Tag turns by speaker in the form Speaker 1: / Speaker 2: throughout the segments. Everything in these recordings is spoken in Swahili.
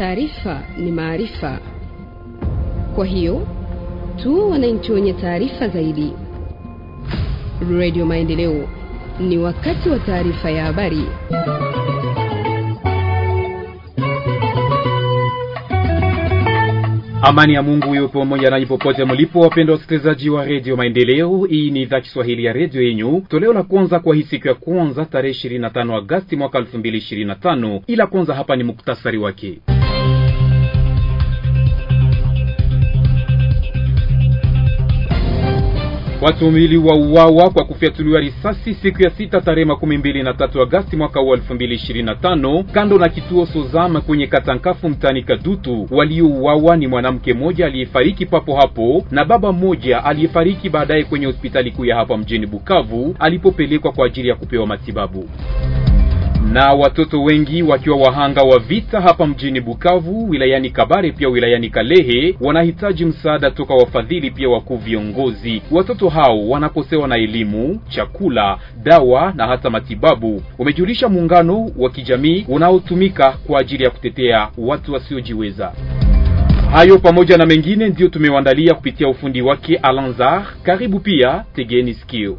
Speaker 1: taarifa
Speaker 2: ni maarifa. Kwa hiyo tu wananchi wenye taarifa zaidi. Radio Maendeleo, ni wakati wa taarifa ya habari.
Speaker 3: Amani ya Mungu iwe pamoja nanyi popote mlipo, wapendwa wasikilizaji wa redio Maendeleo. Hii ni idhaa Kiswahili ya redio yenyu, toleo la kwanza kwa hii siku ya kwanza tarehe 25 Agasti mwaka 2025. Ila kwanza hapa ni muktasari wake. Watu wawili wauawa kwa kufyatuliwa risasi siku ya sita tarehe makumi mbili na tatu Agasti mwaka wa elfu mbili ishirini na tano kando na kituo Sozama kwenye Katankafu mtani Kadutu. Waliouawa ni mwanamke mmoja aliyefariki papo hapo na baba mmoja aliyefariki baadaye kwenye hospitali kuu ya hapa mjini Bukavu alipopelekwa kwa ajili ya kupewa matibabu na watoto wengi wakiwa wahanga wa vita hapa mjini Bukavu, wilayani Kabare, pia wilayani Kalehe, wanahitaji msaada toka wafadhili pia wakuu viongozi. Watoto hao wanakosewa na elimu, chakula, dawa na hata matibabu, umejulisha muungano wa kijamii unaotumika kwa ajili ya kutetea watu wasiojiweza. Hayo pamoja na mengine ndiyo tumewaandalia kupitia ufundi wake Alanzar. Karibu pia, tegeni sikio.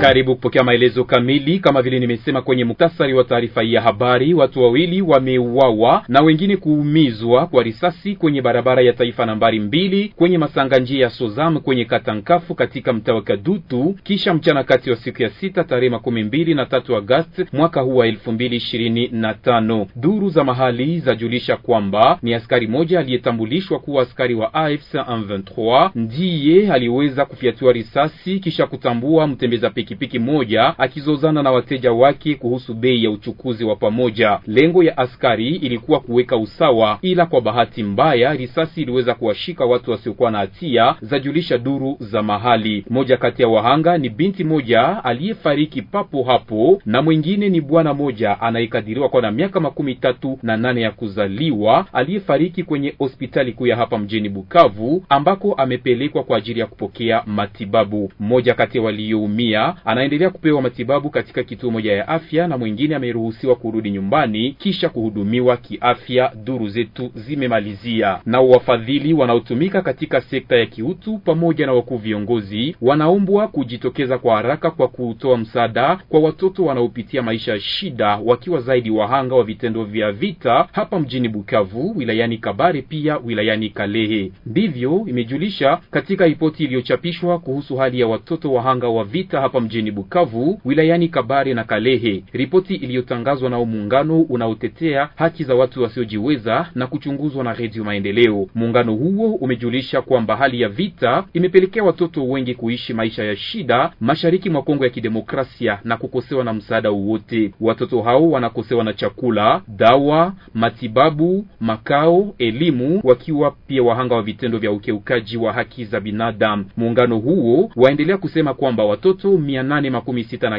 Speaker 3: karibu kupokea maelezo kamili. Kama vile nimesema kwenye muktasari wa taarifa hii ya habari, watu wawili wameuawa na wengine kuumizwa kwa risasi kwenye barabara ya taifa nambari mbili kwenye masanga njia ya Sozam kwenye Katankafu katika mtaa wa Kadutu kisha mchana kati wa siku ya sita tarehe makumi mbili na tatu Agasti mwaka huu wa elfu mbili ishirini na tano. Duru za mahali zajulisha kwamba ni askari moja aliyetambulishwa kuwa askari wa AFC M23 ndiye aliweza kufyatiwa risasi kisha kutambua mtembeza peke pikipiki moja akizozana na wateja wake kuhusu bei ya uchukuzi wa pamoja. Lengo ya askari ilikuwa kuweka usawa, ila kwa bahati mbaya risasi iliweza kuwashika watu wasiokuwa na hatia, zajulisha duru za mahali. Moja kati ya wahanga ni binti moja aliyefariki papo hapo, na mwingine ni bwana moja anayekadiriwa kuwa na miaka makumi tatu na nane ya kuzaliwa aliyefariki kwenye hospitali kuu ya hapa mjini Bukavu ambako amepelekwa kwa ajili ya kupokea matibabu. Mmoja kati ya walioumia anaendelea kupewa matibabu katika kituo moja ya afya na mwingine ameruhusiwa kurudi nyumbani kisha kuhudumiwa kiafya. Duru zetu zimemalizia. Nao wafadhili wanaotumika katika sekta ya kiutu pamoja na wakuu viongozi wanaombwa kujitokeza kwa haraka kwa kutoa msaada kwa watoto wanaopitia maisha ya shida, wakiwa zaidi wahanga wa vitendo vya vita hapa mjini Bukavu, wilayani Kabare, pia wilayani Kalehe. Ndivyo imejulisha katika ripoti iliyochapishwa kuhusu hali ya watoto wahanga wa vita hapa mjini Bukavu wilayani Kabare na Kalehe. Ripoti iliyotangazwa nao muungano unaotetea haki za watu wasiojiweza na kuchunguzwa na Redio Maendeleo. Muungano huo umejulisha kwamba hali ya vita imepelekea watoto wengi kuishi maisha ya shida mashariki mwa Kongo ya Kidemokrasia na kukosewa na msaada wowote. Watoto hao wanakosewa na chakula, dawa, matibabu, makao, elimu, wakiwa pia wahanga wa vitendo vya ukiukaji wa haki za binadamu. Muungano huo waendelea kusema kwamba watoto mia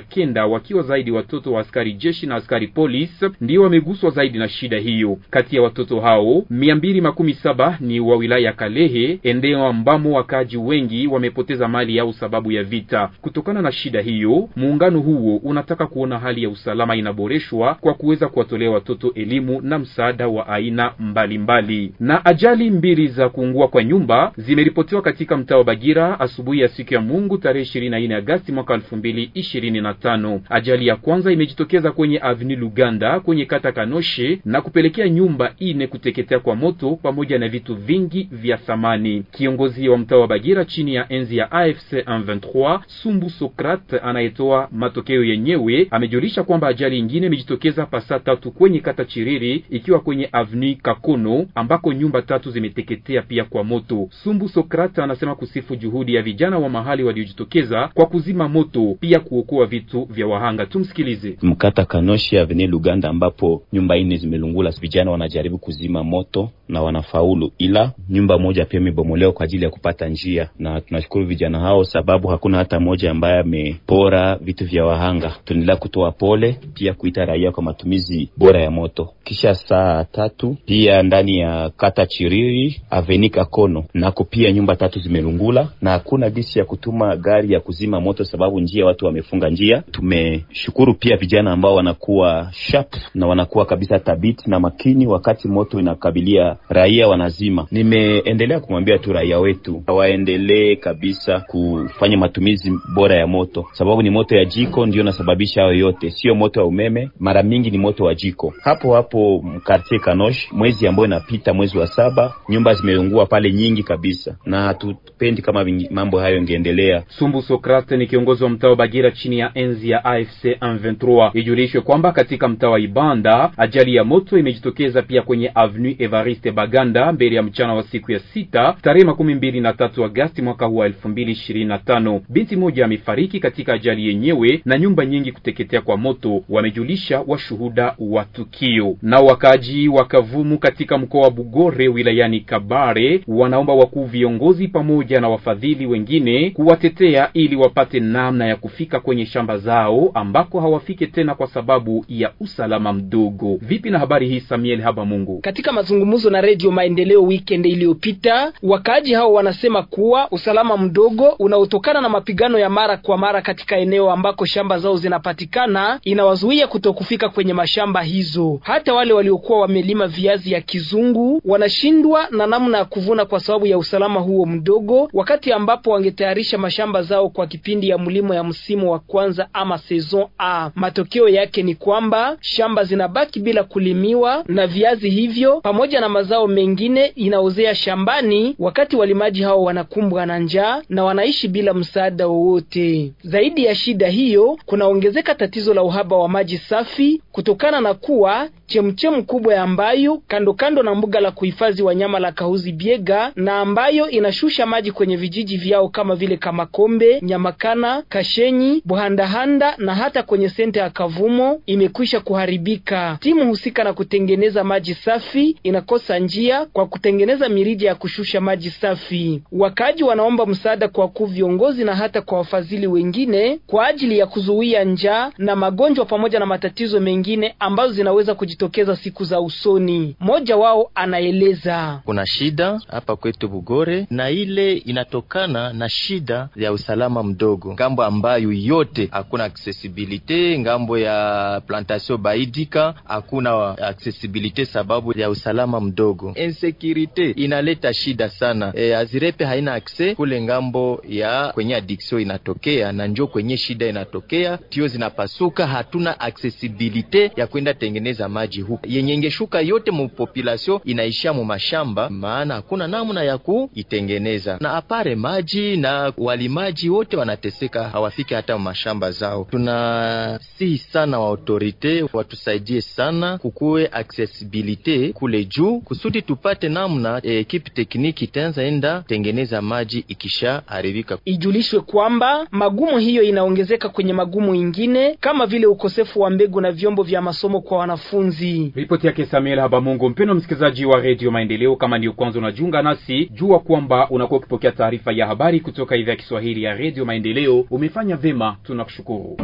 Speaker 3: kenda wakiwa zaidi watoto wa askari jeshi na askari polisi ndio wameguswa zaidi na shida hiyo. Kati ya watoto hao 217 ni wa wilaya ya Kalehe, eneo ambamo wakaaji wengi wamepoteza mali yao sababu ya vita. Kutokana na shida hiyo, muungano huo unataka kuona hali ya usalama inaboreshwa kwa kuweza kuwatolea watoto elimu na msaada wa aina mbalimbali mbali. Na ajali mbili za kuungua kwa nyumba zimeripotiwa katika mtaa wa Bagira asubuhi ya siku ya Mungu tarehe 24 Agosti mwaka elfu mbili ishirini na tano. Ajali ya kwanza imejitokeza kwenye avni Luganda kwenye kata Kanoshe na kupelekea nyumba ine kuteketea kwa moto pamoja na vitu vingi vya thamani. Kiongozi wa mtaa wa Bagira chini ya enzi ya AFC M23 Sumbu Sokrat anayetoa matokeo yenyewe amejulisha kwamba ajali ingine imejitokeza pasaa tatu kwenye kata Chiriri ikiwa kwenye avni Kakono ambako nyumba tatu zimeteketea pia kwa moto. Sumbu Sokrat anasema kusifu juhudi ya vijana wa mahali waliojitokeza kwa kuzima moto vitu pia kuokoa vitu vya wahanga. Tumsikilize.
Speaker 4: Mkata Kanoshi Avenue Luganda, ambapo nyumba nne zimelungula, vijana wanajaribu kuzima moto na wanafaulu, ila nyumba moja pia imebomolewa kwa ajili ya kupata njia, na tunashukuru vijana hao sababu hakuna hata moja ambaye amepora vitu vya wahanga. Tunaendelea kutoa pole, pia kuita raia kwa matumizi bora ya moto. Kisha saa tatu pia ndani ya kata Chiriri Avenika Kono nako pia nyumba tatu zimelungula na hakuna gisi ya kutuma gari ya kuzima moto sababu njia, watu wamefunga njia. Tumeshukuru pia vijana ambao wanakuwa sharp na wanakuwa kabisa thabiti na makini, wakati moto inakabilia raia wanazima. Nimeendelea kumwambia tu raia wetu waendelee kabisa kufanya matumizi bora ya moto, sababu ni moto ya jiko ndio nasababisha hayo yote, sio moto ya umeme. Mara mingi ni moto wa jiko. Hapo hapo mkartie Kanosh, mwezi ambayo inapita, mwezi wa saba, nyumba zimeungua pale nyingi kabisa, na hatupendi kama mambo hayo ingeendelea.
Speaker 3: Sumbu Sokrate ni kiongozi wa mtaa wa Bagira chini ya enzi ya AFC M23. Ijulishwe kwamba katika mtaa wa Ibanda ajali ya moto imejitokeza pia kwenye Avenue Evariste Baganda mbele ya mchana wa siku ya sita tarehe makumi mbili na tatu Agasti mwaka huu wa 2025. Binti moja amefariki katika ajali yenyewe na nyumba nyingi kuteketea kwa moto, wamejulisha washuhuda wa tukio. Na wakaji wa Kavumu katika mkoa wa Bugore wilayani Kabare wanaomba wakuu viongozi pamoja na wafadhili wengine kuwatetea ili wapate namna namna ya kufika kwenye shamba zao ambako hawafike tena kwa sababu ya usalama mdogo. Vipi na habari hii, Samuel Haba Mungu?
Speaker 2: Katika mazungumzo na Redio Maendeleo weekend iliyopita, wakaaji hao wanasema kuwa usalama mdogo unaotokana na mapigano ya mara kwa mara katika eneo ambako shamba zao zinapatikana inawazuia kutokufika kwenye mashamba hizo. Hata wale waliokuwa wamelima viazi ya kizungu wanashindwa na namna ya kuvuna kwa sababu ya usalama huo mdogo, wakati ambapo wangetayarisha mashamba zao kwa kipindi ya mlimo kilimo ya msimu wa kwanza ama saison A. Matokeo yake ni kwamba shamba zinabaki bila kulimiwa na viazi hivyo pamoja na mazao mengine inaozea shambani, wakati walimaji hao wanakumbwa na njaa na wanaishi bila msaada wowote. Zaidi ya shida hiyo, kunaongezeka tatizo la uhaba wa maji safi kutokana na kuwa chemchemu kubwa ya Mbayu kando kando na mbuga la kuhifadhi wanyama la Kahuzi Biega, na ambayo inashusha maji kwenye vijiji vyao kama vile Kamakombe, Nyamakana, Kashenyi, Buhandahanda na hata kwenye senta ya Kavumo imekwisha kuharibika. Timu husika na kutengeneza maji safi inakosa njia kwa kutengeneza mirija ya kushusha maji safi. Wakaji wanaomba msaada kwa wakuu viongozi na hata kwa wafadhili wengine kwa ajili ya kuzuia njaa na magonjwa pamoja na matatizo mengine ambazo zinaweza kuji kujitokeza siku za usoni. Mmoja wao anaeleza,
Speaker 1: kuna shida hapa kwetu Bugore na ile inatokana na shida ya usalama mdogo, ngambo ambayo yote hakuna accessibility, ngambo ya plantation baidika hakuna accessibility sababu ya usalama mdogo. Insecurity inaleta shida sana. E, azirepe haina access kule ngambo ya kwenye addiction inatokea na njo kwenye shida inatokea, tio zinapasuka, hatuna accessibility ya kwenda tengeneza maji maji huko yenye ingeshuka yote mu population inaishia mu mashamba, maana hakuna namna ya kuitengeneza na apare maji, na walimaji wote wanateseka, hawafiki hata mashamba zao. Tunasihi sana wa autorite watusaidie sana, kukuwe accessibility kule juu kusudi tupate namna eh, ekipe tekniki itaanza enda tengeneza maji ikishaharibika. Ijulishwe kwamba
Speaker 2: magumu hiyo inaongezeka kwenye magumu ingine kama vile ukosefu wa mbegu na vyombo vya masomo kwa wanafunzi uchaguzi.
Speaker 3: Ripoti yake Samuel Habamungu. Mpendwa msikilizaji wa redio Maendeleo, kama ndiyo kwanza unajiunga nasi, jua kwamba unakuwa ukipokea taarifa ya habari kutoka idhaa ya Kiswahili ya redio Maendeleo. Umefanya vema, tunakushukuru.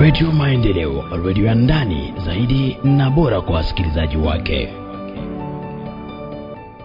Speaker 3: Redio Maendeleo,
Speaker 1: redio ya ndani zaidi na bora kwa wasikilizaji wake.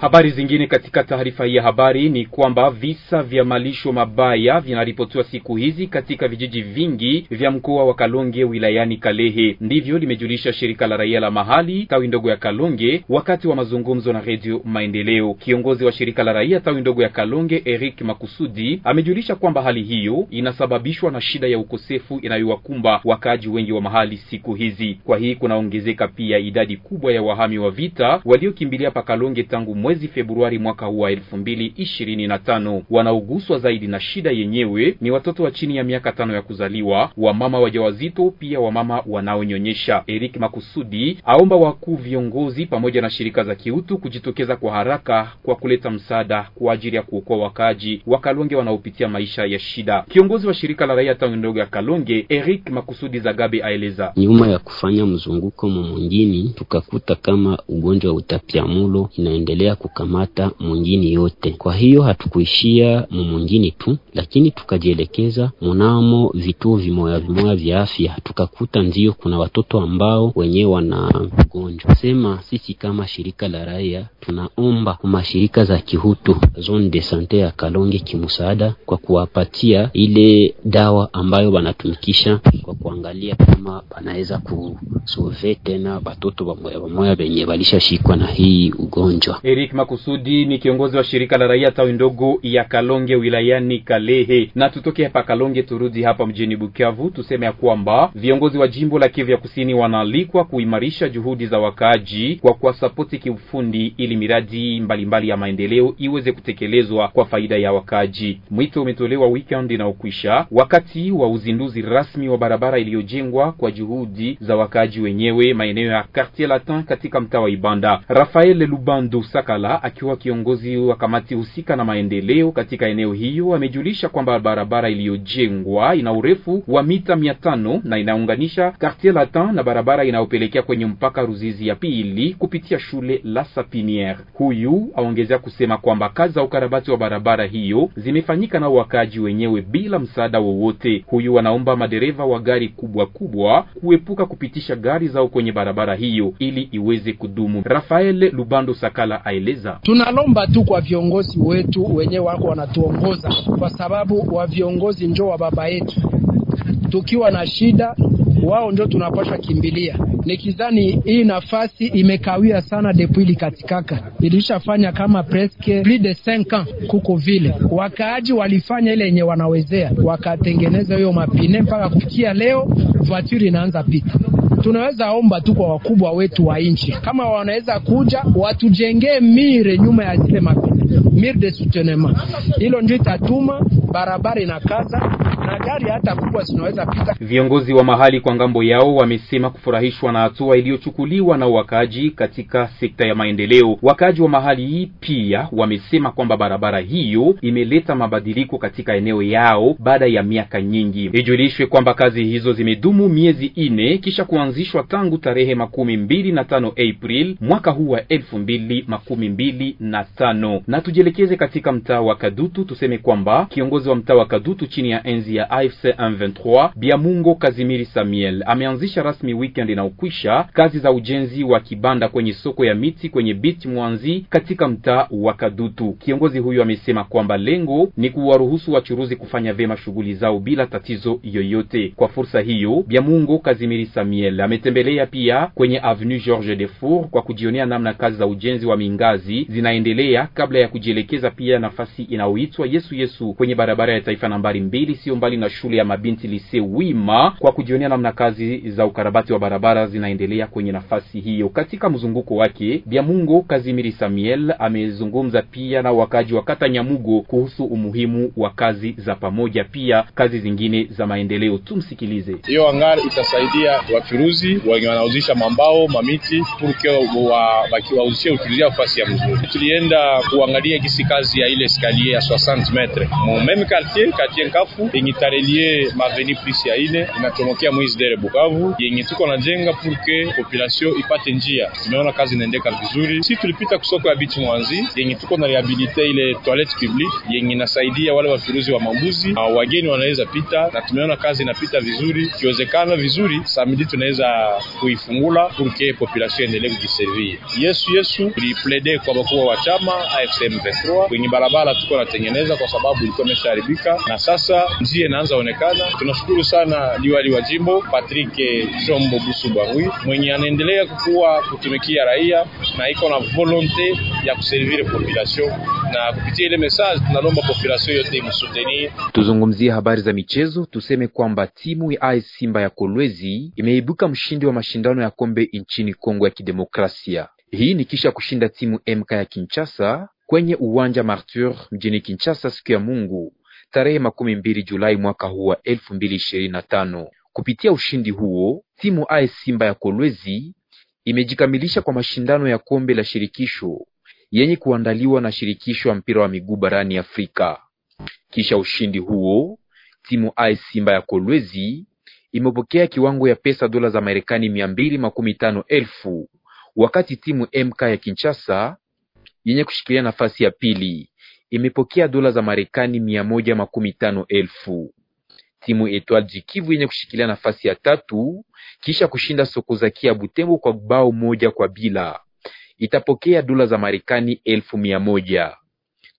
Speaker 3: Habari zingine katika taarifa hii ya habari ni kwamba visa vya malisho mabaya vinaripotiwa siku hizi katika vijiji vingi vya mkoa wa Kalonge wilayani Kalehe. Ndivyo limejulisha shirika la raia la mahali tawi ndogo ya Kalonge wakati wa mazungumzo na Redio Maendeleo. Kiongozi wa shirika la raia tawi ndogo ya Kalonge Eric Makusudi amejulisha kwamba hali hiyo inasababishwa na shida ya ukosefu inayowakumba wakaaji wengi wa mahali siku hizi. Kwa hii kunaongezeka pia idadi kubwa ya wahami wa vita waliokimbilia pa kalonge tangu mwe mwezi Februari mwaka huu wa 2025. Wanaoguswa zaidi na shida yenyewe ni watoto wa chini ya miaka tano ya kuzaliwa, wamama wajawazito, pia wamama wanaonyonyesha. Eric Makusudi aomba wakuu viongozi pamoja na shirika za kiutu kujitokeza kwa haraka kwa kuleta msaada kwa ajili ya kuokoa wakaaji wa Kalonge wanaopitia maisha ya shida. Kiongozi wa shirika la raia tawi ndogo ya Kalonge Eric Makusudi Zagabe aeleza
Speaker 2: nyuma ya kufanya mzunguko mumungini tukakuta kama ugonjwa wa utapiamulo inaendelea kukamata mwingini yote. Kwa hiyo hatukuishia mwingini tu, lakini tukajielekeza munamo vituo vimoya vimoya vya afya, tukakuta ndio kuna watoto ambao wenyewe wana ugonjwa. Sema sisi kama shirika la raia tunaomba mashirika za kihutu zone de sante ya Kalonge kimusaada kwa kuwapatia ile dawa ambayo wanatumikisha kwa kuangalia kama wanaweza kusove tena watoto wamoya wamoya wenye walishashikwa na hii ugonjwa
Speaker 3: Eric. Eric Makusudi ni kiongozi wa shirika la raia tawi ndogo ya Kalonge wilayani Kalehe. Na tutoke hapa Kalonge turudi hapa mjini Bukavu, tuseme ya kwamba viongozi wa jimbo la Kivu ya Kusini wanaalikwa kuimarisha juhudi za wakaaji kwa kuwasapoti kiufundi ili miradi mbalimbali mbali ya maendeleo iweze kutekelezwa kwa faida ya wakaaji. Mwito umetolewa weekend inaokwisha wakati wa uzinduzi rasmi wa barabara iliyojengwa kwa juhudi za wakaaji wenyewe maeneo ya Quartier Latin katika mtaa wa Ibanda. Rafael Lubandu Saka Makala akiwa kiongozi wa kamati husika na maendeleo katika eneo hiyo amejulisha kwamba barabara iliyojengwa ina urefu wa mita mia tano na inaunganisha Quartier Latin na barabara inayopelekea kwenye mpaka Ruzizi ya pili kupitia shule la Sapiniere. Huyu aongezea kusema kwamba kazi za ukarabati wa barabara hiyo zimefanyika na wakaaji wenyewe bila msaada wowote. Huyu anaomba madereva wa gari kubwa kubwa kuepuka kupitisha gari zao kwenye barabara hiyo ili iweze kudumu. Rafael Lubando Sakala anaeleza.
Speaker 2: Tunalomba tu kwa viongozi wetu wenye wako wanatuongoza, kwa sababu wa viongozi njo wa baba yetu. Tukiwa na shida, wao ndio tunapaswa kimbilia. Nikizani hii nafasi imekawia sana depuis likatikaka, ilishafanya kama presque plus de 5 ans kuko vile. Wakaaji walifanya ile yenye wanawezea, wakatengeneza hiyo mapine mpaka kufikia leo voiture inaanza pita tunaweza omba tu kwa wakubwa wetu wa nchi, kama wanaweza kuja watujengee mire nyuma ya zile mapita mur de soutenement. Hilo ndio itatuma barabara inakaza na gari hata kubwa zinaweza pita.
Speaker 3: Viongozi wa mahali kwa ngambo yao wamesema kufurahishwa na hatua iliyochukuliwa na wakaaji katika sekta ya maendeleo. Wakaaji wa mahali hii pia wamesema kwamba barabara hiyo imeleta mabadiliko katika eneo yao baada ya miaka nyingi. Ijulishwe kwamba kazi hizo zimedumu miezi ine kisha kuanzishwa tangu tarehe makumi mbili na tano April mwaka huu wa elfu mbili makumi mbili na tano na tujele Tujielekeze katika mtaa wa Kadutu, tuseme kwamba kiongozi wa mtaa wa Kadutu chini ya enzi ya AFC M23 Biamungo Kazimiri Samuel ameanzisha rasmi weekend na ukwisha kazi za ujenzi wa kibanda kwenye soko ya miti kwenye beach Mwanzi katika mtaa wa Kadutu. Kiongozi huyu amesema kwamba lengo ni kuwaruhusu wachuruzi kufanya vyema shughuli zao bila tatizo yoyote. Kwa fursa hiyo, Biamungo Kazimiri Samuel ametembelea pia kwenye avenue Georges Defour kwa kujionea namna kazi za ujenzi wa mingazi zinaendelea kabla ya kujielekeza kuelekeza pia nafasi inayoitwa Yesu Yesu kwenye barabara ya taifa nambari mbili, sio mbali na shule ya mabinti Lise Wima, kwa kujionea namna kazi za ukarabati wa barabara zinaendelea kwenye nafasi hiyo. Katika mzunguko wake, Byamungo Kazimiri Samuel amezungumza pia na wakaji wa kata Nyamugo kuhusu umuhimu wa kazi za pamoja, pia kazi zingine za maendeleo. Tumsikilize.
Speaker 5: Hiyo angar itasaidia wachuruzi wenye wanauzisha mambao mamiti purke wakiwauzishia wa, nafasi ya mzuri. Tulienda kuangalia gisi kazi ya ile escalier ya 60 metre mu meme quartier quartier Nkafu yenye tarelie maveni plus ya ile inatomokea mwizi dere Bukavu yenye tuko na jenga purke population ipate njia. Tumeona kazi inaendeka vizuri. Si tulipita kusoko ya bichi mwanzi yenye tuko na rehabilite ile toilette publique yenye inasaidia wale wafiruzi wa mambuzi na wageni wanaweza pita, na tumeona kazi inapita vizuri. Ikiwezekana vizuri, samedi tunaweza kuifungula purke population endelee kujiservie. Yesu Yesu tuliplede kwa wakubwa wa chama AFCMP tumefua kwenye barabara, tuko natengeneza kwa sababu ilikuwa imeshaharibika, na sasa njia inaanza onekana. Tunashukuru sana liwali wa jimbo Patrick busu Busubangwi mwenye anaendelea kukuwa kutumikia raia na iko na volonte ya kuservire population, na kupitia ile message tunalomba population yote imsuteni.
Speaker 3: Tuzungumzie habari za michezo, tuseme kwamba timu ya AS Simba ya Kolwezi imeibuka mshindi wa mashindano ya kombe nchini Kongo ya Kidemokrasia. Hii ni kisha kushinda timu MK ya Kinshasa kwenye uwanja Martyr mjini Kinshasa siku ya Mungu tarehe makumi mbili Julai mwaka huu wa elfu mbili ishirini na tano. Kupitia ushindi huo timu AS e Simba ya Kolwezi imejikamilisha kwa mashindano ya kombe la shirikisho yenye kuandaliwa na shirikisho ya mpira wa miguu barani Afrika. Kisha ushindi huo timu AS e Simba ya Kolwezi imepokea kiwango ya pesa dola za Marekani mia mbili makumi tano elfu wakati timu MK ya Kinshasa yenye kushikilia nafasi ya pili imepokea dola za Marekani mia moja makumi tano elfu. Timu Etoile Jikivu yenye kushikilia nafasi ya tatu kisha kushinda soko Sokozakia Butembo kwa bao moja kwa bila itapokea dola za Marekani elfu mia moja.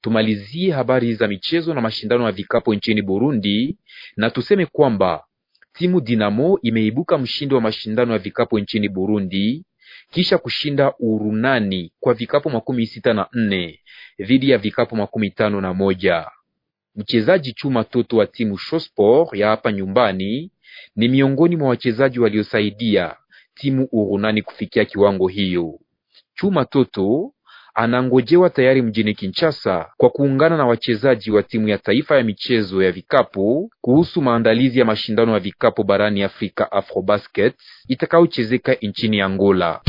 Speaker 3: Tumalizie habari za michezo na mashindano ya vikapo nchini Burundi na tuseme kwamba timu Dinamo imeibuka mshindi wa mashindano ya vikapo nchini Burundi kisha kushinda Urunani kwa vikapu makumi sita na nne dhidi ya vikapu makumi tano na moja. Mchezaji Chuma Toto wa timu Shospor ya hapa nyumbani ni miongoni mwa wachezaji waliosaidia timu Urunani kufikia kiwango hiyo. Chuma Toto anangojewa tayari mjini Kinshasa kwa kuungana na wachezaji wa timu ya taifa ya michezo ya vikapu kuhusu maandalizi ya mashindano ya vikapu barani Afrika Afrobasket itakayochezeka nchini Angola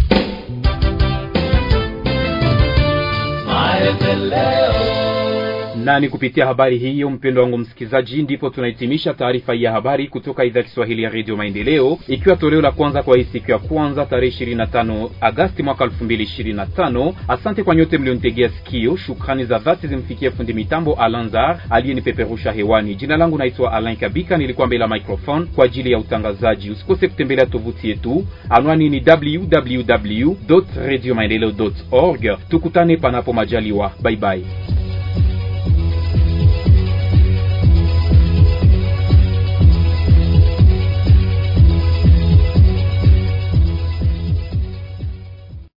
Speaker 3: na ni kupitia habari hiyo, mpendo wangu msikilizaji, ndipo tunahitimisha taarifa ya habari kutoka idhaa Kiswahili ya redio Maendeleo, ikiwa toleo la kwanza kwa hii siku ya kwanza tarehe 25 Agasti mwaka 2025. Asante kwa nyote mlionitegea sikio. Shukrani za dhati zimfikie fundi mitambo Alanzar aliyenipeperusha hewani. Jina langu naitwa Alain Kabika, nilikuwa mbele ya microphone kwa ajili ya utangazaji. Usikose kutembelea tovuti yetu, anwani ni www radio maendeleo org. Tukutane panapo majaliwa, baibai.